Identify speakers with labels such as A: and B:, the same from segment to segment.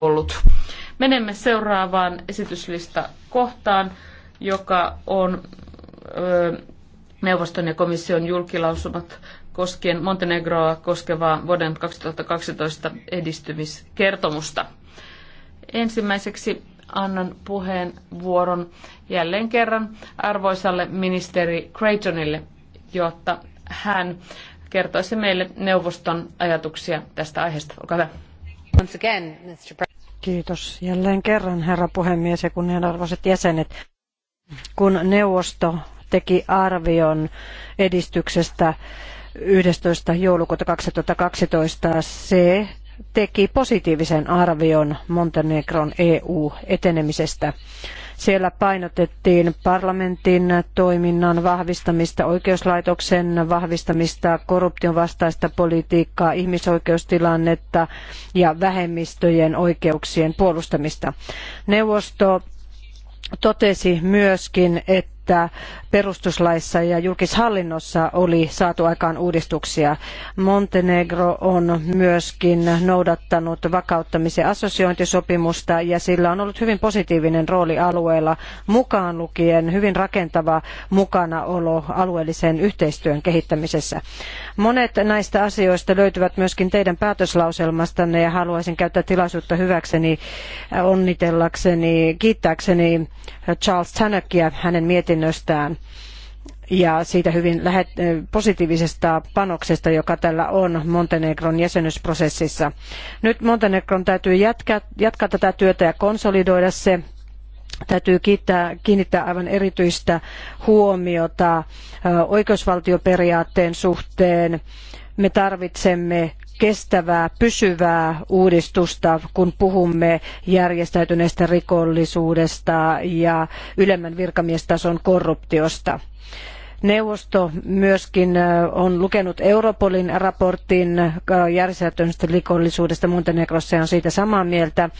A: ollut. Menemme seuraavaan esityslista kohtaan, joka on ö, neuvoston ja komission julkilausumat koskien Montenegroa koskevaa vuoden 2012 edistymiskertomusta. Ensimmäiseksi annan puheenvuoron jälleen kerran arvoisalle ministeri Craytonille, jotta hän kertoisi meille neuvoston ajatuksia tästä aiheesta. Olkaa hyvä.
B: Kiitos jälleen kerran, herra puhemies ja kunnianarvoiset jäsenet. Kun neuvosto teki arvion edistyksestä 11. joulukuuta 2012, se teki positiivisen arvion Montenegron EU-etenemisestä. Siellä painotettiin parlamentin toiminnan vahvistamista, oikeuslaitoksen vahvistamista, korruption vastaista politiikkaa, ihmisoikeustilannetta ja vähemmistöjen oikeuksien puolustamista. Neuvosto totesi myöskin, että että perustuslaissa ja julkishallinnossa oli saatu aikaan uudistuksia. Montenegro on myöskin noudattanut vakauttamisen assosiointisopimusta ja sillä on ollut hyvin positiivinen rooli alueella mukaan lukien hyvin rakentava mukanaolo alueellisen yhteistyön kehittämisessä. Monet näistä asioista löytyvät myöskin teidän päätöslauselmastanne ja haluaisin käyttää tilaisuutta hyväkseni onnitellakseni, kiittääkseni Charles Tannockia hänen mietintöään mietinnöstään ja siitä hyvin eh, positiivisesta panoksesta, joka tällä on Montenegron jäsenyysprosessissa. Nyt Montenegron täytyy jatkaa, jatkaa tätä työtä ja konsolidoida se täytyy kiittää, kiinnittää aivan erityistä huomiota eh, oikeusvaltioperiaatteen suhteen. Me tarvitsemme kestävää, pysyvää uudistusta, kun puhumme järjestäytyneestä rikollisuudesta ja ylemmän virkamiestason korruptiosta. Neuvosto myöskin on lukenut Europolin raportin järjestäytyneestä rikollisuudesta. Montenegrossa on siitä samaa mieltä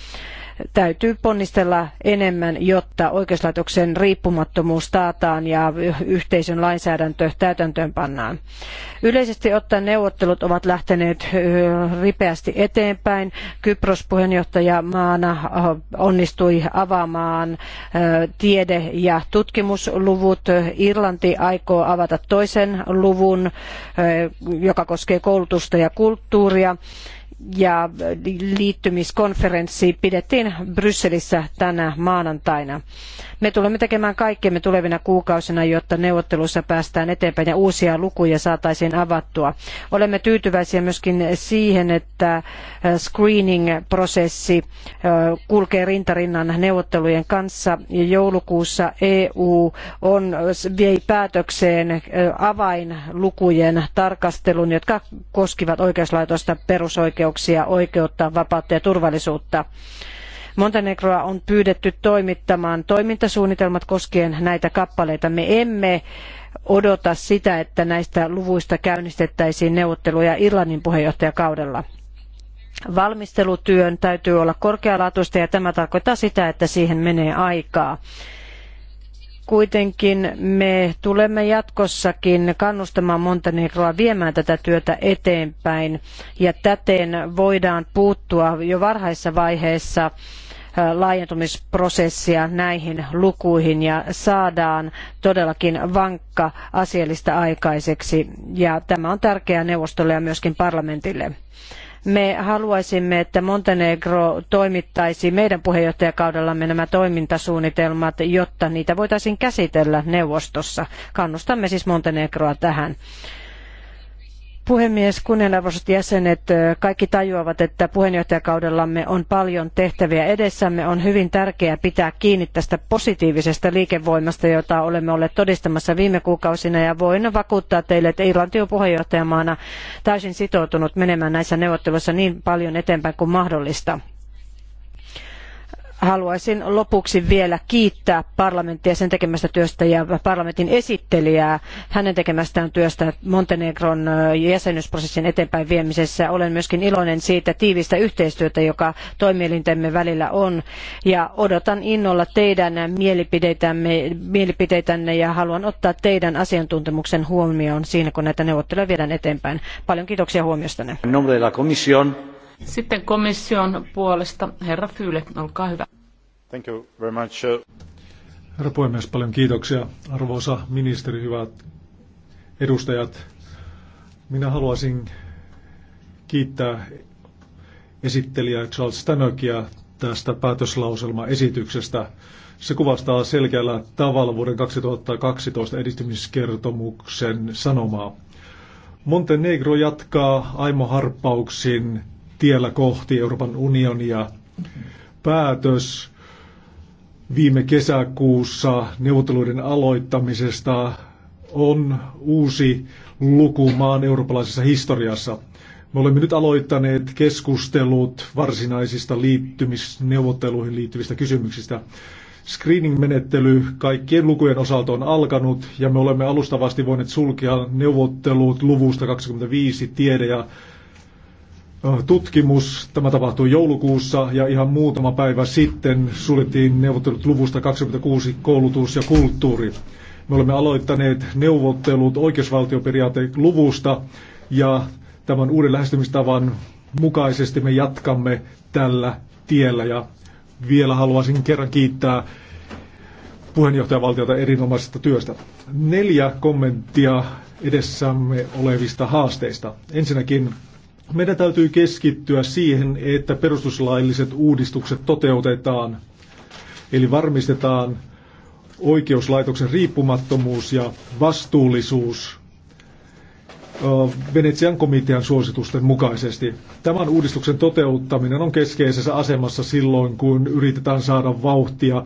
B: täytyy ponnistella enemmän, jotta oikeuslaitoksen riippumattomuus taataan ja yhteisön lainsäädäntö täytäntöön pannaan. Yleisesti ottaen neuvottelut ovat lähteneet ripeästi eteenpäin. Kypros maana onnistui avaamaan tiede- ja tutkimusluvut. Irlanti aikoo avata toisen luvun, joka koskee koulutusta ja kulttuuria ja liittymiskonferenssi pidettiin Brysselissä tänä maanantaina. Me tulemme tekemään kaikkemme tulevina kuukausina, jotta neuvottelussa päästään eteenpäin ja uusia lukuja saataisiin avattua. Olemme tyytyväisiä myöskin siihen, että äh, screening-prosessi äh, kulkee rintarinnan neuvottelujen kanssa ja joulukuussa EU on, vei päätökseen äh, avainlukujen tarkastelun, jotka koskivat oikeuslaitosta perusoikeuksia ihmisoikeuksia, oikeutta, vapautta ja turvallisuutta. Montenegroa on pyydetty toimittamaan toimintasuunnitelmat koskien näitä kappaleita. Me emme odota sitä, että näistä luvuista käynnistettäisiin neuvotteluja Irlannin puheenjohtajakaudella. Valmistelutyön täytyy olla korkealaatuista ja tämä tarkoittaa sitä, että siihen menee aikaa. Kuitenkin me tulemme jatkossakin kannustamaan Montenegroa viemään tätä työtä eteenpäin ja täten voidaan puuttua jo varhaisessa vaiheessa äh, laajentumisprosessia näihin lukuihin ja saadaan todellakin vankka asiallista aikaiseksi ja tämä on tärkeää neuvostolle ja myöskin parlamentille. Me haluaisimme, että Montenegro toimittaisi meidän puheenjohtajakaudellamme nämä toimintasuunnitelmat, jotta niitä voitaisiin käsitellä neuvostossa. Kannustamme siis Montenegroa tähän puhemies, kunnianarvoisat jäsenet, kaikki tajuavat, että puheenjohtajakaudellamme on paljon tehtäviä edessämme. On hyvin tärkeää pitää kiinni tästä positiivisesta liikevoimasta, jota olemme olleet todistamassa viime kuukausina. Ja voin vakuuttaa teille, että Irlanti on puheenjohtajamaana täysin sitoutunut menemään näissä neuvotteluissa niin paljon eteenpäin kuin mahdollista haluaisin lopuksi vielä kiittää parlamenttia sen tekemästä työstä ja parlamentin esittelijää hänen tekemästään työstä Montenegron jäsenyysprosessin eteenpäin viemisessä. Olen myöskin iloinen siitä tiivistä yhteistyötä, joka toimielintemme välillä on ja odotan innolla teidän mielipiteitänne ja haluan ottaa teidän asiantuntemuksen huomioon siinä, kun näitä neuvotteluja viedään eteenpäin. Paljon
A: kiitoksia huomiostanne. Sitten komission puolesta herra
C: Fyyle, olkaa hyvä.
A: Thank you very much.
C: Herra puhemies, paljon kiitoksia. Arvoisa ministeri, hyvät edustajat. Minä haluaisin kiittää esittelijä Charles Stanokia tästä päätöslauselmaesityksestä. Se kuvastaa selkeällä tavalla vuoden 2012 edistymiskertomuksen sanomaa. Montenegro jatkaa aimoharppauksin tiellä kohti Euroopan unionia. Päätös viime kesäkuussa neuvotteluiden aloittamisesta on uusi luku maan eurooppalaisessa historiassa. Me olemme nyt aloittaneet keskustelut varsinaisista liittymisneuvotteluihin liittyvistä kysymyksistä. Screening-menettely kaikkien lukujen osalta on alkanut ja me olemme alustavasti voineet sulkea neuvottelut luvusta 25 tiede- ja Äh, tutkimus. Tämä tapahtui joulukuussa ja ihan muutama päivä sitten suljettiin neuvottelut luvusta 26 koulutus ja kulttuuri. Me olemme aloittaneet neuvottelut oikeusvaltioperiaate luvusta ja tämän uuden lähestymistavan mukaisesti me jatkamme tällä tiellä ja vielä haluaisin kerran kiittää puheenjohtajavaltiota erinomaisesta työstä. Neljä kommenttia edessämme olevista haasteista. Ensinnäkin meidän täytyy keskittyä siihen, että perustuslailliset uudistukset toteutetaan, eli varmistetaan oikeuslaitoksen riippumattomuus ja vastuullisuus Venetsian komitean suositusten mukaisesti. Tämän uudistuksen toteuttaminen on keskeisessä asemassa silloin, kun yritetään saada vauhtia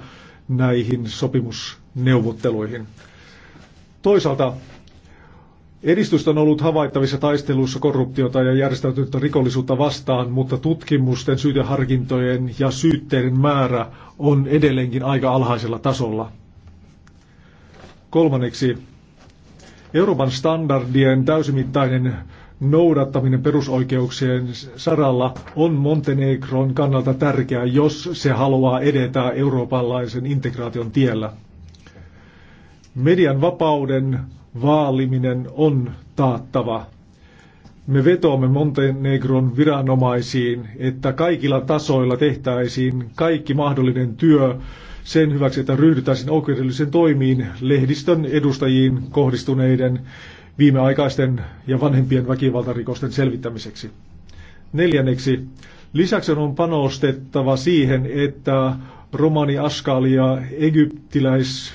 C: näihin sopimusneuvotteluihin. Toisaalta Edistystä on ollut havaittavissa taistelussa korruptiota ja järjestäytynyttä rikollisuutta vastaan, mutta tutkimusten, syyteharkintojen ja syytteiden määrä on edelleenkin aika alhaisella tasolla. Kolmanneksi, Euroopan standardien täysimittainen noudattaminen perusoikeuksien saralla on Montenegron kannalta tärkeää, jos se haluaa edetä eurooppalaisen integraation tiellä. Median vapauden vaaliminen on taattava. Me vetoamme Montenegron viranomaisiin, että kaikilla tasoilla tehtäisiin kaikki mahdollinen työ sen hyväksi, että ryhdytäisiin oikeudellisiin toimiin lehdistön edustajiin kohdistuneiden viimeaikaisten ja vanhempien väkivaltarikosten selvittämiseksi. Neljänneksi, lisäksi on panostettava siihen, että romani askaalia egyptiläis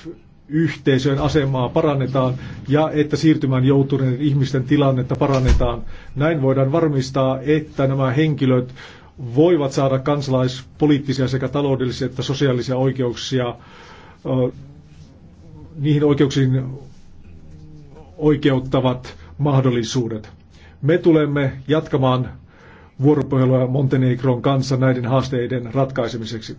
C: Yhteisöjen asemaa parannetaan ja että siirtymään joutuneiden ihmisten tilannetta parannetaan. Näin voidaan varmistaa, että nämä henkilöt voivat saada kansalaispoliittisia sekä taloudellisia että sosiaalisia oikeuksia niihin oikeuksiin oikeuttavat mahdollisuudet. Me tulemme jatkamaan vuoropuhelua Montenegron kanssa näiden haasteiden ratkaisemiseksi.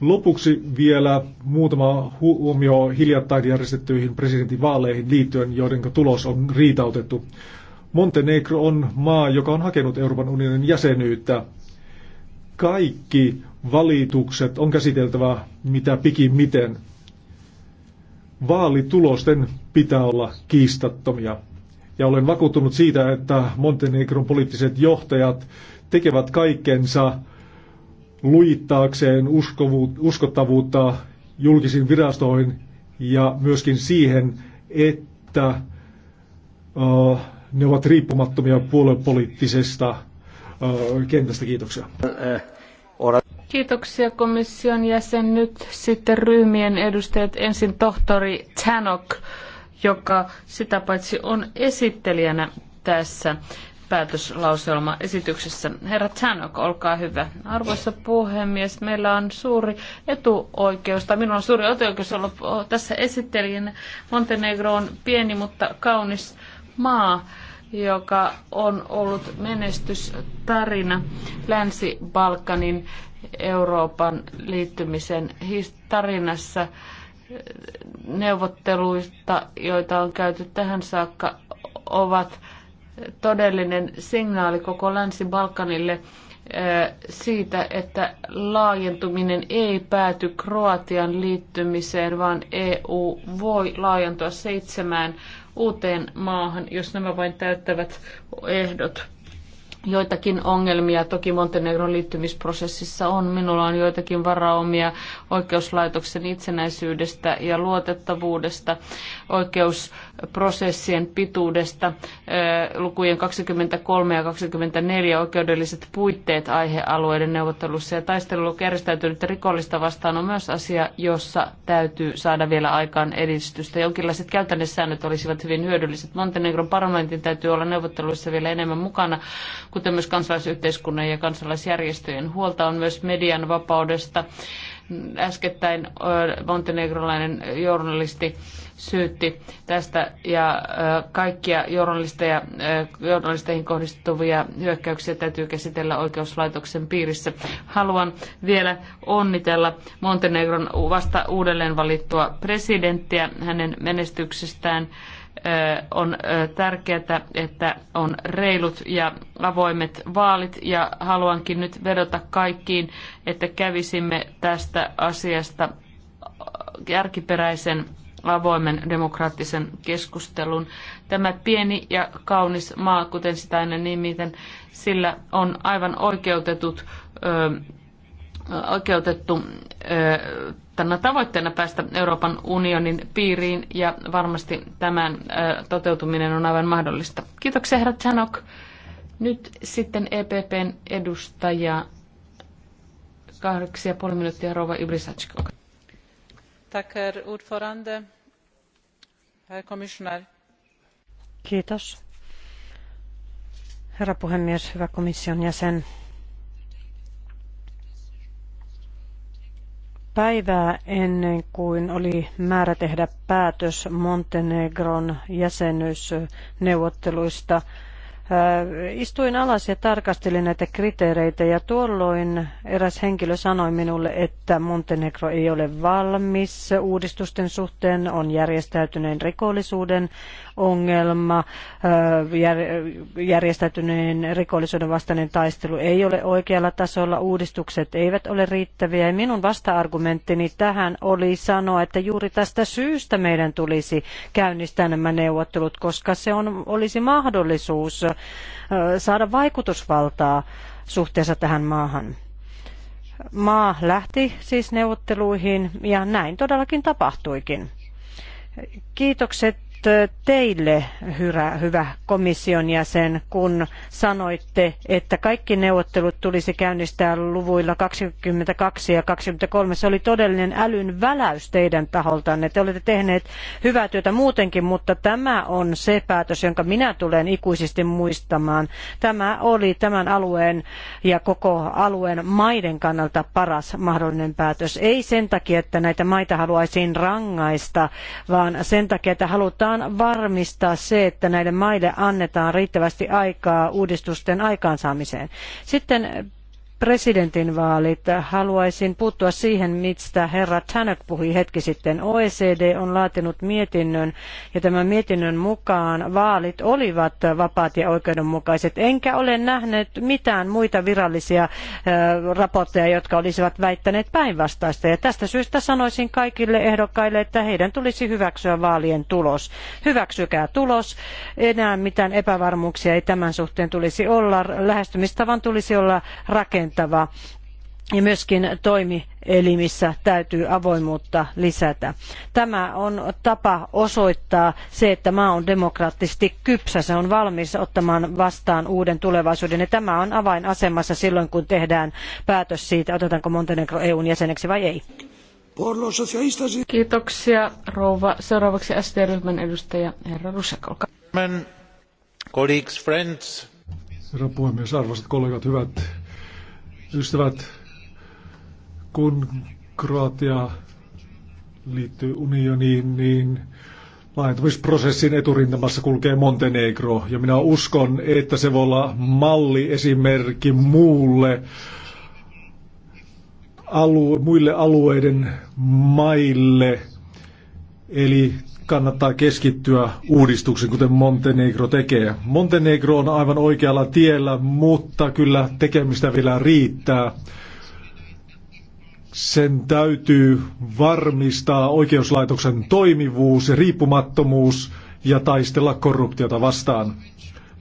C: Lopuksi vielä muutama huomio hiljattain järjestettyihin presidentinvaaleihin liittyen, joiden tulos on riitautettu. Montenegro on maa, joka on hakenut Euroopan unionin jäsenyyttä. Kaikki valitukset on käsiteltävä mitä pikimiten. Vaalitulosten pitää olla kiistattomia. Ja olen vakuuttunut siitä, että Montenegron poliittiset johtajat tekevät kaikkensa lujittaakseen uskottavuutta julkisiin virastoihin ja myöskin siihen, että äh, ne ovat riippumattomia puoluepoliittisesta äh, kentästä. Kiitoksia. Kiitoksia
A: komission jäsen. Nyt sitten ryhmien edustajat. Ensin tohtori Tanok, joka sitä paitsi on esittelijänä tässä päätöslauselma esityksessä. Herra Tanok, olkaa hyvä. Arvoisa puhemies, meillä on suuri etuoikeus, tai minulla on suuri etuoikeus olla tässä esittelijänä. Montenegro on pieni, mutta kaunis maa, joka on ollut menestystarina Länsi-Balkanin Euroopan liittymisen tarinassa neuvotteluista, joita on käyty tähän saakka, ovat todellinen signaali koko Länsi-Balkanille eh, siitä, että laajentuminen ei pääty Kroatian liittymiseen, vaan EU voi laajentua seitsemään uuteen maahan, jos nämä vain täyttävät ehdot. Joitakin ongelmia toki Montenegron liittymisprosessissa on. Minulla on joitakin varaomia oikeuslaitoksen itsenäisyydestä ja luotettavuudesta, oikeusprosessien pituudesta, lukujen 23 ja 24 oikeudelliset puitteet aihealueiden neuvottelussa ja taistelulla järjestäytynyttä rikollista vastaan on myös asia, jossa täytyy saada vielä aikaan edistystä. Jonkinlaiset käytännössäännöt olisivat hyvin hyödylliset. Montenegron parlamentin täytyy olla neuvotteluissa vielä enemmän mukana, kuten myös kansalaisyhteiskunnan ja kansalaisjärjestöjen. Huolta on myös median vapaudesta. Äskettäin montenegrolainen journalisti syytti tästä ja kaikkia journalisteja, journalisteihin kohdistuvia hyökkäyksiä täytyy käsitellä oikeuslaitoksen piirissä. Haluan vielä onnitella Montenegron vasta uudelleen valittua presidenttiä hänen menestyksestään on tärkeää, että on reilut ja avoimet vaalit ja haluankin nyt vedota kaikkiin, että kävisimme tästä asiasta järkiperäisen avoimen demokraattisen keskustelun. Tämä pieni ja kaunis maa, kuten sitä aina nimiten, sillä on aivan oikeutetut, ö, oikeutettu ö, tänä tavoitteena päästä Euroopan unionin piiriin ja varmasti tämän toteutuminen on aivan mahdollista. Kiitoksia herra Chanok. Nyt sitten EPPn edustaja kahdeksi ja puoli minuuttia rouva Ybrisatsko. Tack herr ordförande, herr Kiitos.
B: Herra puhemies, hyvä komission jäsen. päivää ennen kuin oli määrä tehdä päätös Montenegron jäsenyysneuvotteluista Äh, istuin alas ja tarkastelin näitä kriteereitä ja tuolloin eräs henkilö sanoi minulle, että Montenegro ei ole valmis uudistusten suhteen, on järjestäytyneen rikollisuuden ongelma, äh, järjestäytyneen rikollisuuden vastainen taistelu ei ole oikealla tasolla, uudistukset eivät ole riittäviä ja minun vasta-argumenttini tähän oli sanoa, että juuri tästä syystä meidän tulisi käynnistää nämä neuvottelut, koska se on, olisi mahdollisuus saada vaikutusvaltaa suhteessa tähän maahan. Maa lähti siis neuvotteluihin ja näin todellakin tapahtuikin. Kiitokset teille, hyvä, hyvä komission jäsen, kun sanoitte, että kaikki neuvottelut tulisi käynnistää luvuilla 22 ja 23. Se oli todellinen älyn väläys teidän taholtanne. Te olette tehneet hyvää työtä muutenkin, mutta tämä on se päätös, jonka minä tulen ikuisesti muistamaan. Tämä oli tämän alueen ja koko alueen maiden kannalta paras mahdollinen päätös. Ei sen takia, että näitä maita haluaisin rangaista, vaan sen takia, että halutaan halutaan varmistaa se, että näille maille annetaan riittävästi aikaa uudistusten aikaansaamiseen. Sitten presidentinvaalit. Haluaisin puuttua siihen, mistä herra Tanak puhui hetki sitten. OECD on laatinut mietinnön ja tämän mietinnön mukaan vaalit olivat vapaat ja oikeudenmukaiset. Enkä ole nähnyt mitään muita virallisia raportteja, jotka olisivat väittäneet päinvastaista. Ja tästä syystä sanoisin kaikille ehdokkaille, että heidän tulisi hyväksyä vaalien tulos. Hyväksykää tulos. Enää mitään epävarmuuksia ei tämän suhteen tulisi olla. Lähestymistavan tulisi olla rakenteellinen alentava. Ja myöskin toimielimissä täytyy avoimuutta lisätä. Tämä on tapa osoittaa se, että maa on demokraattisesti kypsä, se on valmis ottamaan vastaan uuden tulevaisuuden. Ja tämä on avainasemassa silloin, kun tehdään päätös siitä, otetaanko Montenegro EUn
A: jäseneksi vai ei. Kiitoksia rouva. Seuraavaksi SD-ryhmän edustaja herra Rusek, olkaa.
C: Herra puhemies, arvoisat kollegat, hyvät Ystävät, kun Kroatia liittyy unioniin, niin laajentumisprosessin eturintamassa kulkee Montenegro. Ja minä uskon, että se voi olla malli esimerkki muulle alue, muille alueiden maille. Eli kannattaa keskittyä uudistuksen, kuten Montenegro tekee. Montenegro on aivan oikealla tiellä, mutta kyllä tekemistä vielä riittää. Sen täytyy varmistaa oikeuslaitoksen toimivuus ja riippumattomuus ja taistella korruptiota vastaan.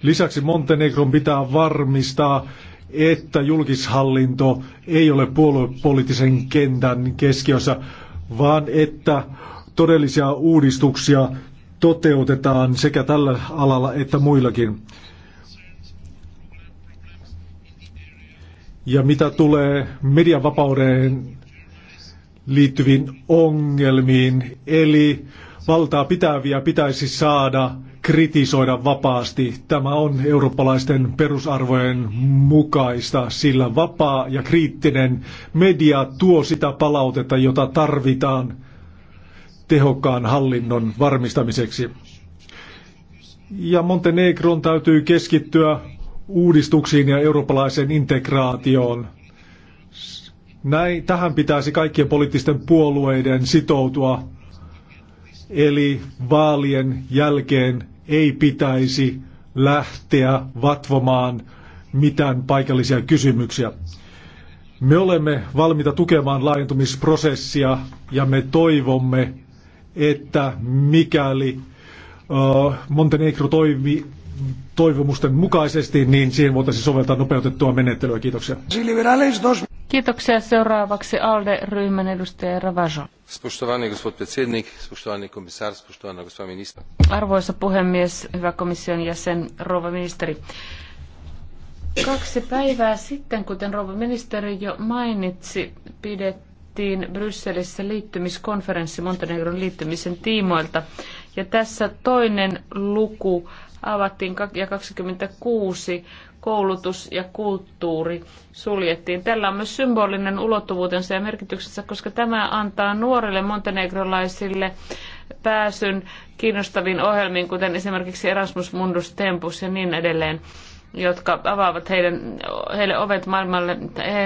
C: Lisäksi Montenegron pitää varmistaa, että julkishallinto ei ole puoluepoliittisen kentän keskiössä, vaan että todellisia uudistuksia toteutetaan sekä tällä alalla että muillakin. Ja mitä tulee medianvapauden liittyviin ongelmiin, eli valtaa pitäviä pitäisi saada kritisoida vapaasti. Tämä on eurooppalaisten perusarvojen mukaista, sillä vapaa ja kriittinen media tuo sitä palautetta, jota tarvitaan tehokkaan hallinnon varmistamiseksi. Ja Montenegron täytyy keskittyä uudistuksiin ja eurooppalaiseen integraatioon. Näin, tähän pitäisi kaikkien poliittisten puolueiden sitoutua, eli vaalien jälkeen ei pitäisi lähteä vatvomaan mitään paikallisia kysymyksiä. Me olemme valmiita tukemaan laajentumisprosessia ja me toivomme, että mikäli Montenegro toimi toivomusten mukaisesti, niin siihen voitaisiin soveltaa nopeutettua menettelyä. Kiitoksia.
A: Kiitoksia. Seuraavaksi ALDE-ryhmän edustaja Ravajo. Arvoisa puhemies, hyvä komission jäsen, rouva ministeri. Kaksi päivää sitten, kuten rouva ministeri jo mainitsi, pidettiin pidettiin Brysselissä liittymiskonferenssi Montenegron liittymisen tiimoilta. Ja tässä toinen luku avattiin ja 26 koulutus ja kulttuuri suljettiin. Tällä on myös symbolinen ulottuvuutensa ja merkityksensä, koska tämä antaa nuorille montenegrolaisille pääsyn kiinnostaviin ohjelmiin, kuten esimerkiksi Erasmus Mundus Tempus ja niin edelleen jotka avaavat heidän, heille ovet maailmalle.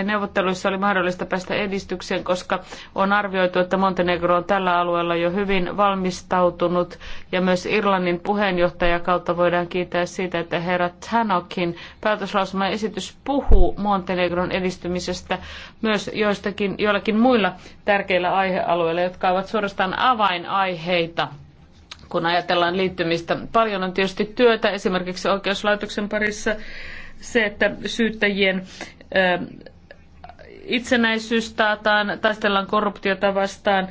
A: Neuvotteluissa oli mahdollista päästä edistykseen, koska on arvioitu, että Montenegro on tällä alueella jo hyvin valmistautunut ja myös Irlannin puheenjohtajakautta voidaan kiittää siitä, että herra Tanokin päätöslausuma esitys puhuu Montenegron edistymisestä myös joistakin, joillakin muilla tärkeillä aihealueilla, jotka ovat suorastaan avainaiheita kun ajatellaan liittymistä. Paljon on tietysti työtä esimerkiksi oikeuslaitoksen parissa se, että syyttäjien itsenäisyys taataan, taistellaan korruptiota vastaan,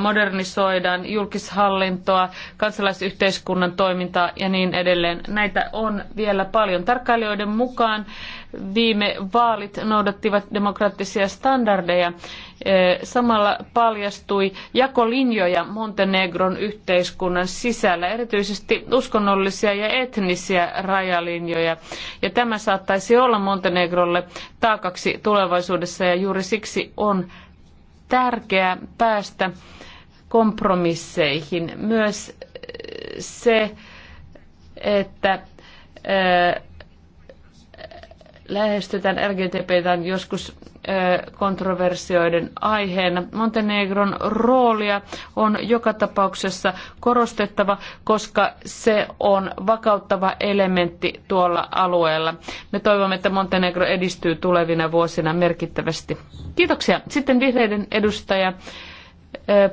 A: modernisoidaan julkishallintoa, kansalaisyhteiskunnan toimintaa ja niin edelleen. Näitä on vielä paljon. Tarkkailijoiden mukaan viime vaalit noudattivat demokraattisia standardeja. Samalla paljastui jakolinjoja Montenegron yhteiskunnan sisällä, erityisesti uskonnollisia ja etnisiä rajalinjoja. Ja tämä saattaisi olla Montenegrolle taakaksi tulevaisuudessa ja juuri siksi on tärkeää päästä kompromisseihin. Myös se, että lähestytään LGTBtä joskus kontroversioiden aiheena. Montenegron roolia on joka tapauksessa korostettava, koska se on vakauttava elementti tuolla alueella. Me toivomme, että Montenegro edistyy tulevina vuosina merkittävästi. Kiitoksia. Sitten vihreiden edustaja,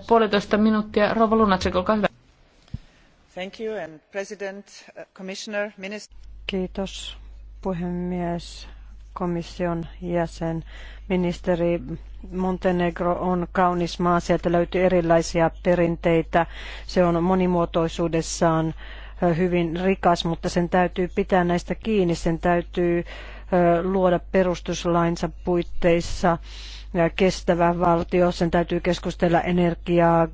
A: puolitoista minuuttia. Rova Lunacek, olkaa hyvä. Thank you and President, uh, Commissioner, Minister. Kiitos
B: puhemies, komission jäsen, ministeri. Montenegro on kaunis maa, sieltä löytyy erilaisia perinteitä. Se on monimuotoisuudessaan hyvin rikas, mutta sen täytyy pitää näistä kiinni, sen täytyy luoda perustuslainsa puitteissa kestävä valtio, sen täytyy keskustella energiaa,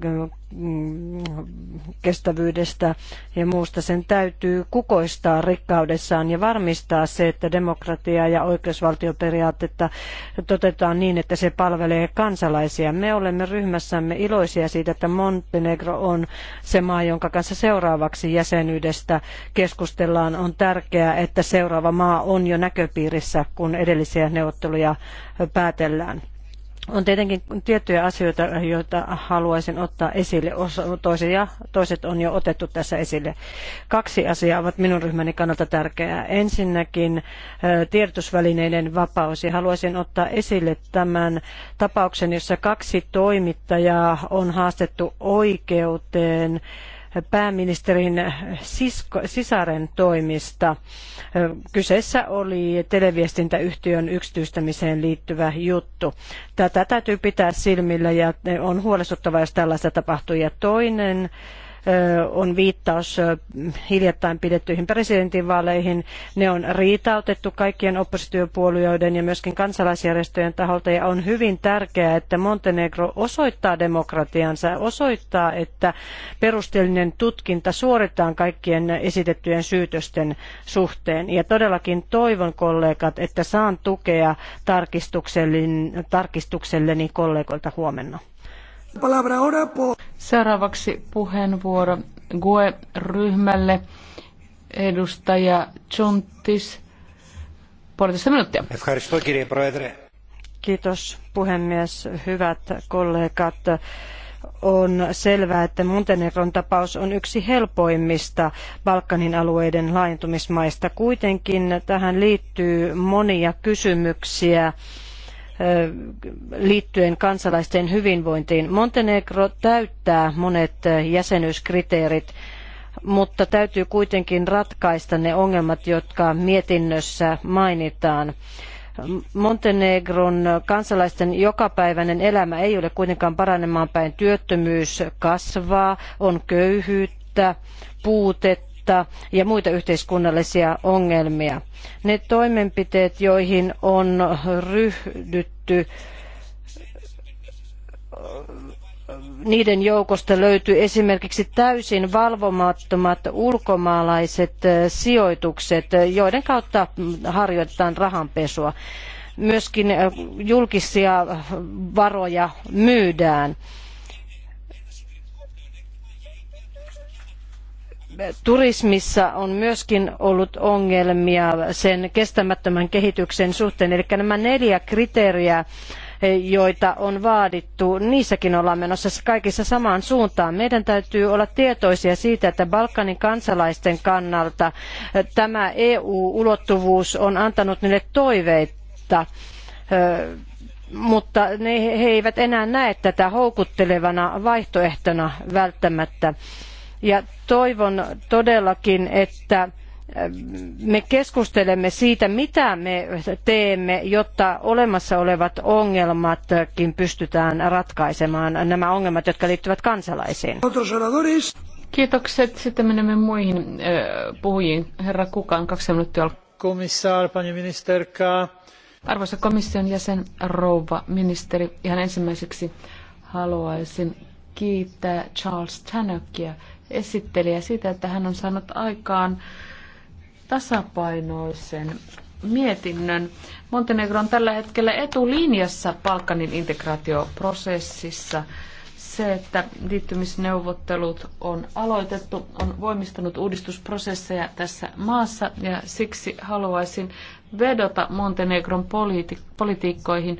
B: mm, kestävyydestä ja muusta. Sen täytyy kukoistaa rikkaudessaan ja varmistaa se, että demokratiaa ja oikeusvaltioperiaatetta toteutetaan niin, että se palvelee kansalaisia. Me olemme ryhmässämme iloisia siitä, että Montenegro on se maa, jonka kanssa seuraavaksi jäsenyydestä keskustellaan. On tärkeää, että seuraava maa on jo näköpiirissä, kun edellisiä neuvotteluja päätellään. On tietenkin tiettyjä asioita, joita haluaisin ottaa esille. Toisia, toiset on jo otettu tässä esille. Kaksi asiaa ovat minun ryhmäni kannalta tärkeää. Ensinnäkin tiedotusvälineiden vapaus. Ja haluaisin ottaa esille tämän tapauksen, jossa kaksi toimittajaa on haastettu oikeuteen pääministerin sisko, sisaren toimista. Kyseessä oli televiestintäyhtiön yksityistämiseen liittyvä juttu. Tätä täytyy pitää silmillä ja on huolestuttavaa, jos tällaista tapahtuu. Ja toinen on viittaus hiljattain pidettyihin presidentinvaaleihin. Ne on riitautettu kaikkien oppositiopuolueiden ja myöskin kansalaisjärjestöjen taholta ja on hyvin tärkeää, että Montenegro osoittaa demokratiansa, osoittaa, että perusteellinen tutkinta suoritetaan kaikkien esitettyjen syytösten suhteen. Ja todellakin toivon kollegat, että saan tukea tarkistukselleni
A: kollegoilta huomenna. Seuraavaksi puheenvuoro GUE-ryhmälle. Edustaja Chuntis, puolitoista minuuttia. Kiitos puhemies,
B: hyvät kollegat on selvää, että Montenegron tapaus on yksi helpoimmista Balkanin alueiden laajentumismaista. Kuitenkin tähän liittyy monia kysymyksiä liittyen kansalaisten hyvinvointiin. Montenegro täyttää monet jäsenyyskriteerit, mutta täytyy kuitenkin ratkaista ne ongelmat, jotka mietinnössä mainitaan. Montenegron kansalaisten jokapäiväinen elämä ei ole kuitenkaan paranemaan päin. Työttömyys kasvaa, on köyhyyttä, puutetta haittaa ja muita yhteiskunnallisia ongelmia. Ne toimenpiteet, joihin on ryhdytty, niiden joukosta löytyy esimerkiksi täysin valvomattomat ulkomaalaiset eh, sijoitukset, eh, joiden kautta harjoitetaan rahanpesua. Myöskin eh, julkisia varoja myydään turismissa on myöskin ollut ongelmia sen kestämättömän kehityksen suhteen. Eli nämä neljä kriteeriä joita on vaadittu, niissäkin ollaan menossa kaikissa samaan suuntaan. Meidän täytyy olla tietoisia siitä, että Balkanin kansalaisten kannalta tämä EU-ulottuvuus on antanut niille toiveita mutta he eivät enää näe tätä houkuttelevana vaihtoehtona välttämättä. Ja toivon todellakin, että äh, me keskustelemme siitä, mitä me teemme, jotta olemassa olevat ongelmatkin pystytään ratkaisemaan, nämä ongelmat, jotka liittyvät kansalaisiin.
A: Kiitokset. Sitten menemme muihin äh, puhujiin. Herra Kukan, kaksi minuuttia. Komissaar, pani
C: ministerka.
A: Arvoisa komission jäsen, rouva ministeri, ihan ensimmäiseksi haluaisin kiittää Charles Tannockia esittelijä siitä, että hän on saanut aikaan tasapainoisen mietinnön. Montenegro on tällä hetkellä etulinjassa Balkanin integraatioprosessissa. Se, että liittymisneuvottelut on aloitettu, on voimistanut uudistusprosesseja tässä maassa ja siksi haluaisin vedota Montenegron politi- politiikkoihin,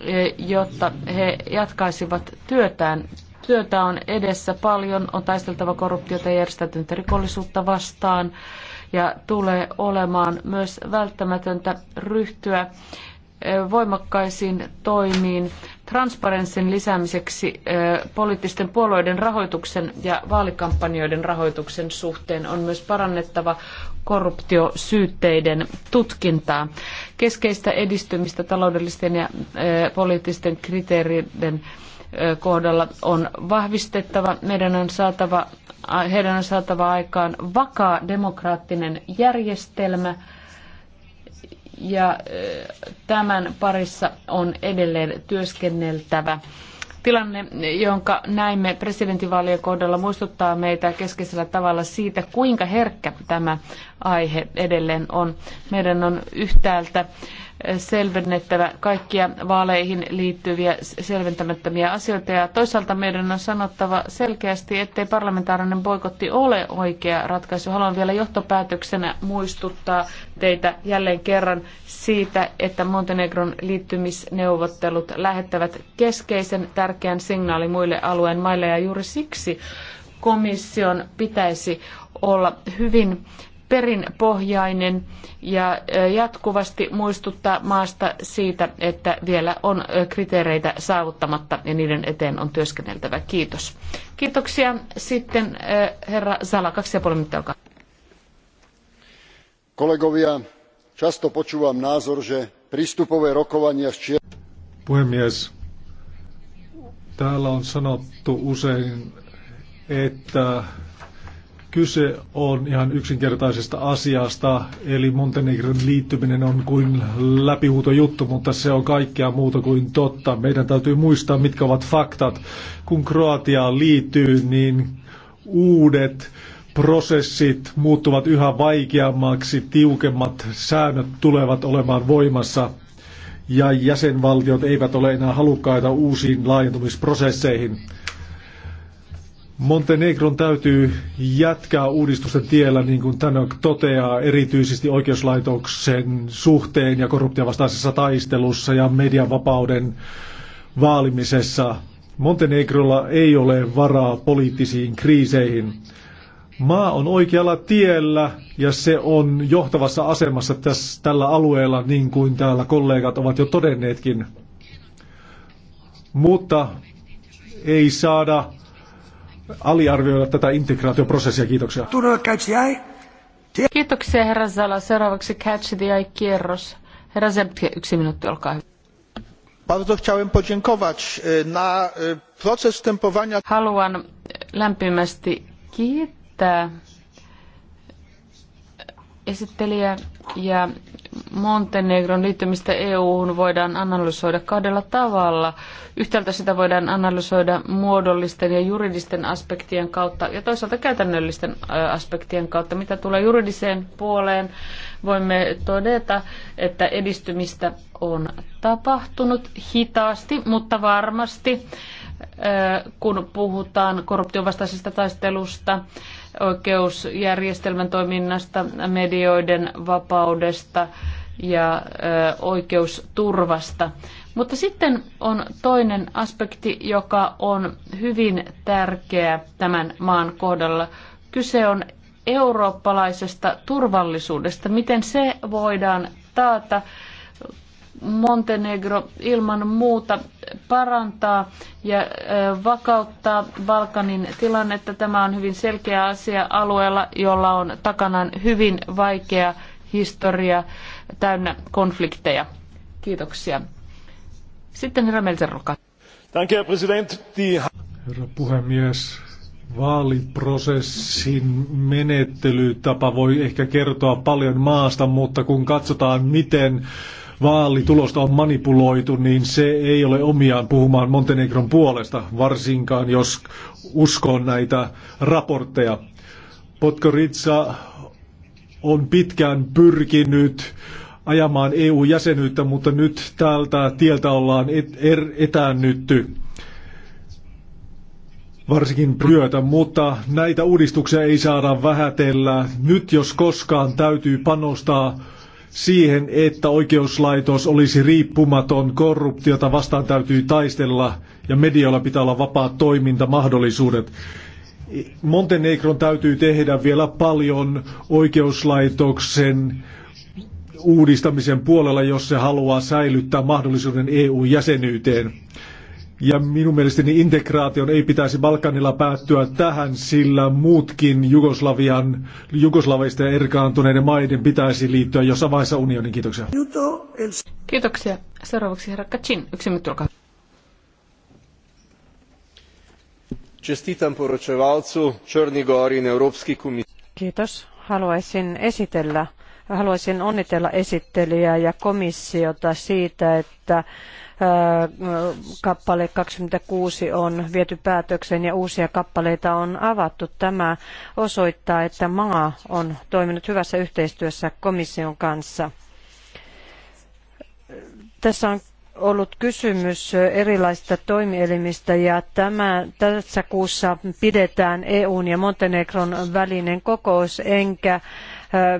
A: eh, jotta he jatkaisivat työtään Työtä on edessä paljon, on taisteltava korruptiota ja järjestäytynyttä rikollisuutta vastaan ja tulee olemaan myös välttämätöntä ryhtyä voimakkaisiin toimiin transparenssin lisäämiseksi poliittisten puolueiden rahoituksen ja vaalikampanjoiden rahoituksen suhteen on myös parannettava korruptiosyytteiden tutkintaa. Keskeistä edistymistä taloudellisten ja poliittisten kriteereiden kohdalla on vahvistettava. Meidän on saatava, heidän on saatava aikaan vakaa demokraattinen järjestelmä ja tämän parissa on edelleen työskenneltävä. Tilanne, jonka näimme presidentinvaalien kohdalla, muistuttaa meitä keskeisellä tavalla siitä, kuinka herkkä tämä aihe edelleen on. Meidän on yhtäältä selvennettävä kaikkia vaaleihin liittyviä selventämättömiä asioita ja toisaalta meidän on sanottava selkeästi, ettei parlamentaarinen boikotti ole oikea ratkaisu. Haluan vielä johtopäätöksenä muistuttaa teitä jälleen kerran siitä, että Montenegron liittymisneuvottelut lähettävät keskeisen tärkeän signaalin muille alueen maille ja juuri siksi komission pitäisi olla hyvin perinpohjainen ja jatkuvasti muistuttaa maasta siitä, että vielä on kriteereitä saavuttamatta ja niiden eteen on työskenneltävä. Kiitos. Kiitoksia. Sitten herra Sala, kaksi ja puoli minuuttia
C: Kollegovia, často počúvam názor, že prístupové rokovania s Puhemies, täällä on sanottu usein, että Kyse on ihan yksinkertaisesta asiasta, eli Montenegrin liittyminen on kuin läpihuutojuttu, mutta se on kaikkea muuta kuin totta. Meidän täytyy muistaa, mitkä ovat faktat. Kun Kroatia liittyy, niin uudet prosessit muuttuvat yhä vaikeammaksi, tiukemmat säännöt tulevat olemaan voimassa ja jäsenvaltiot eivät ole enää halukkaita uusiin laajentumisprosesseihin. Montenegron täytyy jatkaa uudistusten tiellä, niin kuin Tanok toteaa, erityisesti oikeuslaitoksen suhteen ja korruptiovastaisessa taistelussa ja median vapauden vaalimisessa. Montenegrolla ei ole varaa poliittisiin kriiseihin. Maa on oikealla tiellä ja se on johtavassa asemassa tässä, tällä alueella, niin kuin täällä kollegat ovat jo todenneetkin. Mutta ei saada aliarvioida tätä integraatioprosessia. Kiitoksia.
A: Kiitoksia herra Zala. Seuraavaksi Catch the Eye-kierros. Herra Zemtke, yksi minuutti, olkaa hyvä.
C: Bardzo chciałem podziękować
A: e, na e, proces wstępowania. Haluan lämpimästi kiittää esittelijä ja Montenegron liittymistä EU-hun voidaan analysoida kahdella tavalla. Yhtäältä sitä voidaan analysoida muodollisten ja juridisten aspektien kautta ja toisaalta käytännöllisten aspektien kautta. Mitä tulee juridiseen puoleen, voimme todeta, että edistymistä on tapahtunut hitaasti, mutta varmasti, kun puhutaan korruption taistelusta oikeusjärjestelmän toiminnasta, medioiden vapaudesta ja oikeusturvasta. Mutta sitten on toinen aspekti, joka on hyvin tärkeä tämän maan kohdalla. Kyse on eurooppalaisesta turvallisuudesta. Miten se voidaan taata? Montenegro ilman muuta parantaa ja vakauttaa Balkanin tilannetta. Tämä on hyvin selkeä asia alueella, jolla on takanaan hyvin vaikea historia täynnä konflikteja. Kiitoksia. Sitten herra Melserroka.
C: Herra puhemies, Vaaliprosessin menettelytapa voi ehkä kertoa paljon maasta, mutta kun katsotaan, miten vaalitulosta on manipuloitu, niin se ei ole omiaan puhumaan Montenegron puolesta, varsinkaan jos uskoo näitä raportteja. Podgorica on pitkään pyrkinyt ajamaan EU-jäsenyyttä, mutta nyt tältä tieltä ollaan et- er- etäännytty varsinkin pyötä, mutta näitä uudistuksia ei saada vähätellä. Nyt jos koskaan täytyy panostaa siihen, että oikeuslaitos olisi riippumaton, korruptiota vastaan täytyy taistella ja medialla pitää olla vapaat toimintamahdollisuudet. Montenegron täytyy tehdä vielä paljon oikeuslaitoksen uudistamisen puolella, jos se haluaa säilyttää mahdollisuuden EU-jäsenyyteen. Ja minun mielestäni integraation ei pitäisi Balkanilla päättyä tähän, sillä muutkin Jugoslavian, jugoslavista erkaantuneiden maiden pitäisi liittyä jo vaiheessa unionin. Kiitoksia.
A: Kiitoksia. Seuraavaksi herra Kacin. Yksi
C: minuutti, olkaa. Čestitam poročevalcu Črnigorin Europski komisio.
B: Kiitos. Haluaisin esitellä, haluaisin onnitella esittelijää ja komissiota siitä, että kappale 26 on viety päätökseen ja uusia kappaleita on avattu. Tämä osoittaa, että maa on toiminut hyvässä yhteistyössä komission kanssa. Tässä on ollut kysymys erilaisista toimielimistä ja tämä, tässä kuussa pidetään EUn ja Montenegron välinen kokous, enkä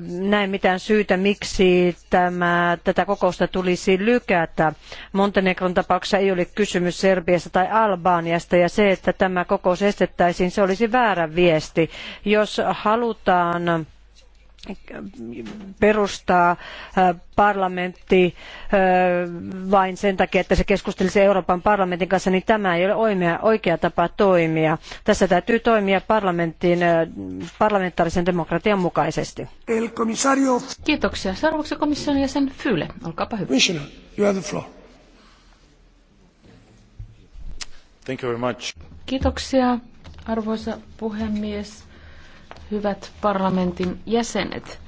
B: näe mitään syytä, miksi tämä, tätä kokousta tulisi lykätä. Montenegron tapauksessa ei ole kysymys Serbiasta tai Albaaniasta ja se, että tämä kokous estettäisiin, se olisi väärä viesti. Jos halutaan perustaa äh, parlamentti äh, vain sen takia, että se keskustelisi Euroopan parlamentin kanssa, niin tämä ei ole oikea tapa toimia. Tässä täytyy toimia parlamentin, äh, parlamentaarisen demokratian mukaisesti.
A: Kiitoksia. Seuraavaksi komission jäsen Fyle. Olkaapa hyvä. You have the floor. Thank you very much. Kiitoksia, arvoisa puhemies. Hyvät parlamentin jäsenet,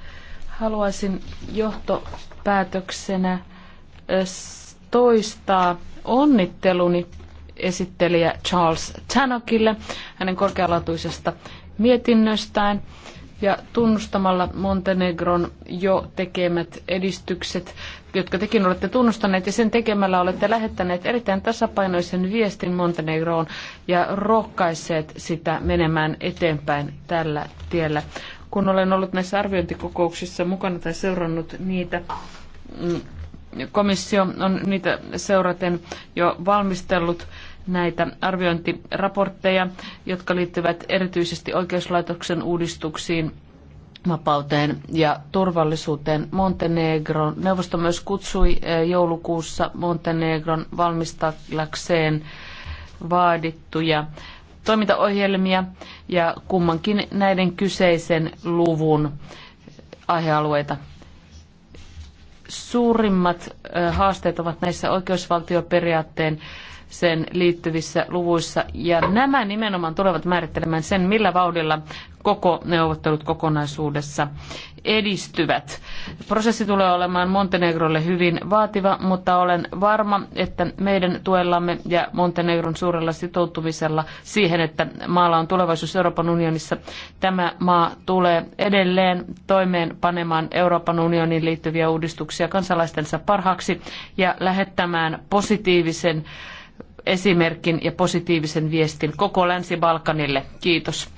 A: haluaisin johtopäätöksenä toistaa onnitteluni esittelijä Charles Tannockille hänen korkealaatuisesta mietinnöstään ja tunnustamalla Montenegron jo tekemät edistykset jotka tekin olette tunnustaneet, ja sen tekemällä olette lähettäneet erittäin tasapainoisen viestin Montenegroon ja rohkaisseet sitä menemään eteenpäin tällä tiellä. Kun olen ollut näissä arviointikokouksissa mukana tai seurannut niitä, mm, komissio on niitä seuraten jo valmistellut näitä arviointiraportteja, jotka liittyvät erityisesti oikeuslaitoksen uudistuksiin vapauteen ja turvallisuuteen Montenegron. Neuvosto myös kutsui eh, joulukuussa Montenegron valmistellakseen vaadittuja toimintaohjelmia ja kummankin näiden kyseisen luvun aihealueita. Suurimmat eh, haasteet ovat näissä oikeusvaltioperiaatteen sen liittyvissä luvuissa. Ja nämä nimenomaan tulevat määrittelemään sen, millä vauhdilla koko neuvottelut kokonaisuudessa edistyvät. Prosessi tulee olemaan Montenegrolle hyvin vaativa, mutta olen varma, että meidän tuellamme ja Montenegron suurella sitoutumisella siihen, että maalla on tulevaisuus Euroopan unionissa, tämä maa tulee edelleen toimeenpanemaan Euroopan unioniin liittyviä uudistuksia kansalaistensa parhaaksi ja lähettämään positiivisen äh, esimerkin ja positiivisen viestin koko Länsi-Balkanille. Kiitos.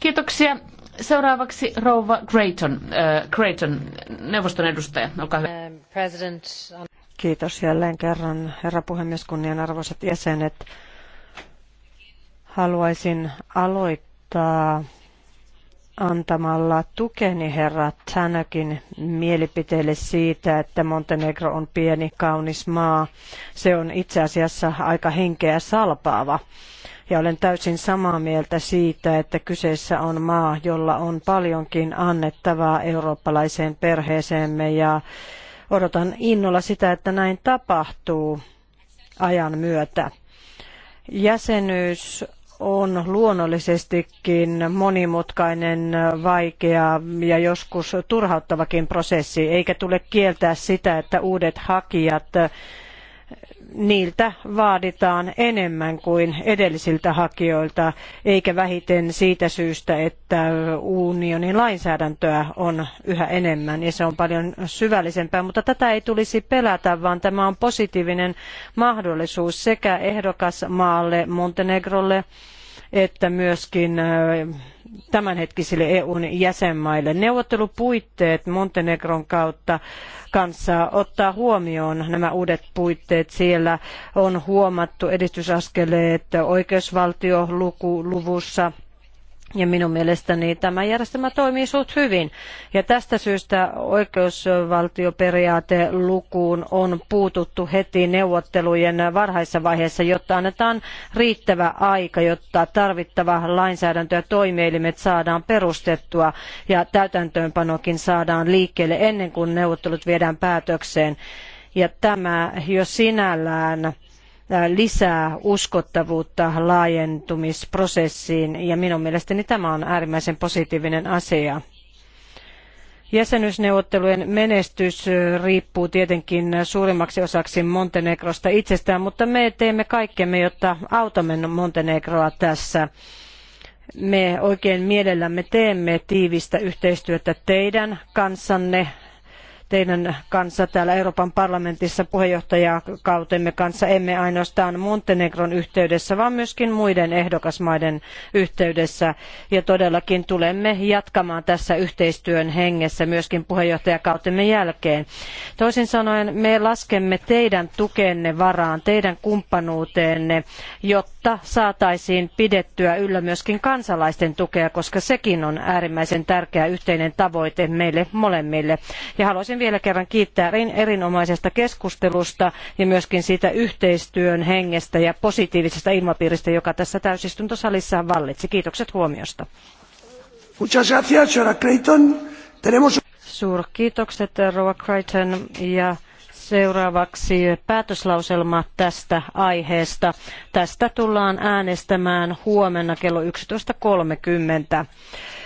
A: Kiitoksia. Seuraavaksi rouva Creighton, äh, Creighton neuvoston edustaja. Olkaa hyvä. Um,
B: Kiitos jälleen kerran, herra puhemies, kunnianarvoisat jäsenet. Haluaisin aloittaa antamalla tukeni herra Tänäkin mielipiteelle siitä, että Montenegro on pieni, kaunis maa. Se on itse asiassa aika henkeä salpaava. Ja olen täysin samaa mieltä siitä, että kyseessä on maa, jolla on paljonkin annettavaa eurooppalaiseen perheeseemme ja odotan innolla sitä, että näin tapahtuu ajan myötä. Jäsenyys on luonnollisestikin monimutkainen, vaikea ja joskus turhauttavakin prosessi, eikä tule kieltää sitä, että uudet hakijat niiltä vaaditaan enemmän kuin edellisiltä hakijoilta, eikä vähiten siitä syystä, että unionin lainsäädäntöä on yhä enemmän ja se on paljon syvällisempää, mutta tätä ei tulisi pelätä, vaan tämä on positiivinen mahdollisuus sekä ehdokasmaalle Montenegrolle, että myöskin äh, tämänhetkisille EUn jäsenmaille. Neuvottelupuitteet Montenegron kautta kanssa ottaa huomioon nämä uudet puitteet. Siellä on huomattu edistysaskeleet oikeusvaltioluvussa. luvussa ja minun mielestäni tämä järjestelmä toimii suht hyvin. Ja tästä syystä oikeusvaltioperiaate lukuun on puututtu heti neuvottelujen varhaisessa vaiheessa, jotta annetaan riittävä aika, jotta tarvittava lainsäädäntö ja toimielimet saadaan perustettua ja täytäntöönpanokin saadaan liikkeelle ennen kuin neuvottelut viedään päätökseen. Ja tämä jo sinällään Äh, lisää uskottavuutta laajentumisprosessiin ja minun mielestäni tämä on äärimmäisen positiivinen asia. Jäsenyysneuvottelujen menestys äh, riippuu tietenkin suurimmaksi osaksi Montenegrosta itsestään, mutta me teemme kaikkemme, jotta autamme Montenegroa tässä. Me oikein mielellämme teemme tiivistä yhteistyötä teidän kanssanne teidän kanssa täällä Euroopan parlamentissa puheenjohtajakautemme kanssa, emme ainoastaan Montenegron yhteydessä, vaan myöskin muiden ehdokasmaiden yhteydessä. Ja todellakin tulemme jatkamaan tässä yhteistyön hengessä myöskin puheenjohtajakautemme jälkeen. Toisin sanoen me laskemme teidän tukenne varaan, teidän kumppanuuteenne, jotta saataisiin pidettyä yllä myöskin kansalaisten tukea, koska sekin on äärimmäisen tärkeä yhteinen tavoite meille molemmille. Ja haluaisin Haluaisin vielä kerran kiittää erinomaisesta keskustelusta ja myöskin siitä yhteistyön hengestä ja positiivisesta ilmapiiristä, joka tässä täysistuntosalissa vallitsi. Kiitokset huomiosta.
C: Muchas gracias, Creighton. Tenemos...
B: Suurkiitokset, Rova Creighton. Ja seuraavaksi päätöslauselma tästä aiheesta. Tästä tullaan äänestämään huomenna kello 11.30.